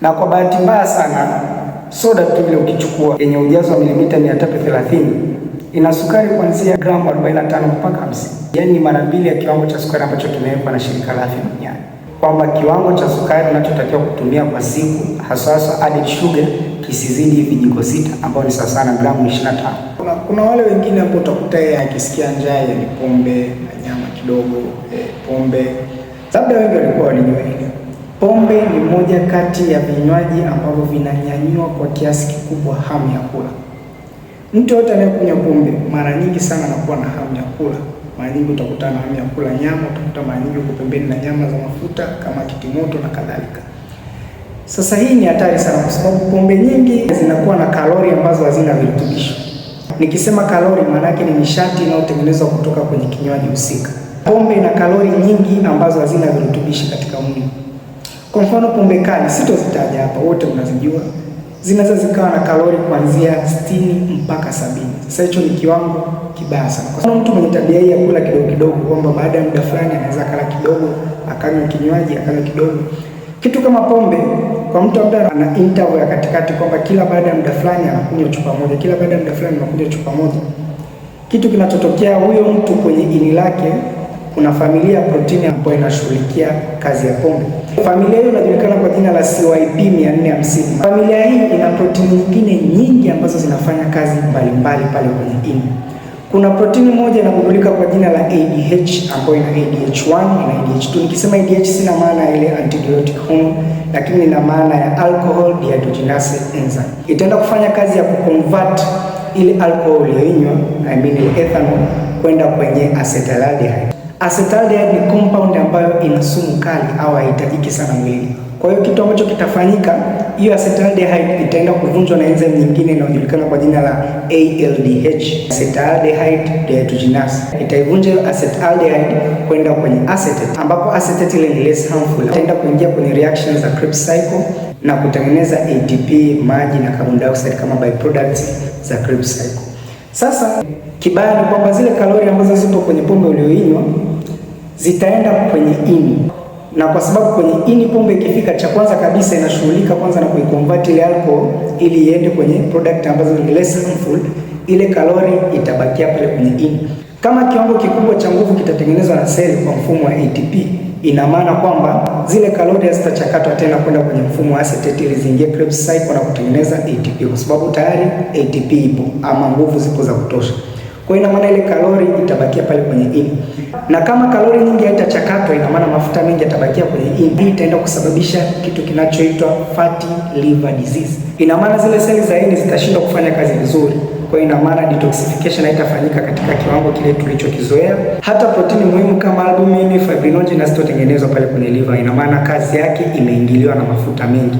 na kwa bahati mbaya sana soda tu ile ukichukua yenye ujazo wa milimita 330 ina sukari kuanzia gramu 45 mpaka 50, yaani mara mbili ya kiwango cha sukari ambacho kimewekwa na shirika la afya duniani, kwamba kiwango cha sukari unachotakiwa kutumia kwa siku hasa hasa added sugar kisizidi vijiko sita, ambao ni sawa na gramu 25. Kuna, kuna wale wengine hapo utakuta yeye akisikia njaa ya pombe na nyama kidogo eh, pombe labda wengi walikuwa walinywa hili Pombe ni moja kati ya vinywaji ambavyo vinanyanyua kwa kiasi kikubwa hamu ya kula. Mtu yote anayekunywa pombe mara nyingi sana anakuwa na hamu ya kula. Mara nyingi utakutana na hamu ya kula nyama, utakuta mara nyingi uko pembeni na nyama za mafuta kama kitimoto na kadhalika. Sasa hii ni hatari sana, kwa sababu pombe nyingi zinakuwa na kalori ambazo hazina virutubisho. Nikisema kalori, maana yake ni nishati inayotengenezwa kutoka kwenye kinywaji husika. Pombe ina kalori nyingi ambazo hazina virutubishi katika mwili. Kwa mfano pombe kali, sitozitaja hapa, wote unazijua, zinaweza zikawa na kalori kuanzia 60 mpaka sabini. Sasa hicho ni kiwango kibaya sana. Kwa mfano mtu mwenye tabia hii ya kula kidogo kidogo, kwamba baada ya muda fulani anaweza kula kidogo, akanywa kinywaji, akanywa kidogo, kitu kama pombe kwa mtu ambaye ana interval ya katikati, kwamba kila baada ya muda fulani anakunywa chupa moja, kila baada ya muda fulani anakunywa chupa moja, kitu kinachotokea huyo mtu kwenye ini lake kuna familia ya protini ambayo inashughulikia kazi ya pombe. Familia hiyo inajulikana kwa jina la CYP 450. Familia hii ina protini nyingine nyingi ambazo zinafanya kazi mbalimbali pale kwenye ini. Kuna protini moja inagundulika kwa jina la ADH ambayo ina ADH1 na ADH2. Nikisema ADH sina maana ile antibiotic hormone, lakini ina maana ya alcohol dehydrogenase enzyme. Itaenda kufanya kazi ya kuconvert ile alcohol iliyoinywa, I mean ethanol kwenda kwenye acetaldehyde. Acetaldehyde ni compound ambayo ina sumu kali au haihitajiki sana mwilini. Kwa hiyo kitu ambacho kitafanyika, hiyo acetaldehyde itaenda kuvunjwa na enzyme nyingine inayojulikana kwa jina la ALDH, acetaldehyde dehydrogenase. Itaivunja acetaldehyde kwenda kwenye acetate, ambapo acetate ile ni less harmful, itaenda kuingia kwenye reactions za Krebs cycle na kutengeneza ATP, maji na carbon dioxide kama byproducts za Krebs cycle. Sasa kibaya ni kwamba zile kalori ambazo zipo kwenye pombe uliyoinywa zitaenda kwenye ini, na kwa sababu kwenye ini pombe ikifika, cha kwanza kabisa inashughulika kwanza na kuiconvert ile alcohol ili iende kwenye product ambazo ni less harmful, ile kalori itabakia pale kwenye ini. Kama kiwango kikubwa cha nguvu kitatengenezwa na seli kwa mfumo wa ATP, ina maana kwamba zile kalori hazitachakatwa tena kwenda kwenye mfumo wa acetate ili ziingie Krebs cycle na kutengeneza ATP, kwa sababu tayari ATP ipo ama nguvu zipo za kutosha. Kwa hiyo ina maana ile kalori itabakia pale kwenye ini, na kama kalori nyingi haitachakatwa, ina maana mafuta mengi yatabakia kwenye ini. Hii itaenda kusababisha kitu kinachoitwa fatty liver disease. Ina maana zile seli za ini zitashindwa kufanya kazi vizuri. Kwa hiyo ina maana detoxification haitafanyika katika kiwango kile tulichokizoea. Hata protini muhimu kama albumin, fibrinogen hazitotengenezwa pale kwenye liver. Ina maana kazi yake imeingiliwa na mafuta mengi.